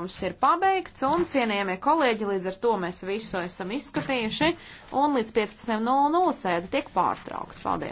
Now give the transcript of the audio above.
jautājums ir pabeigts, un cienījamie kolēģi, līdz ar to mēs visu esam izskatījuši, un līdz 15.00 sēde tiek pārtraukta. Paldies!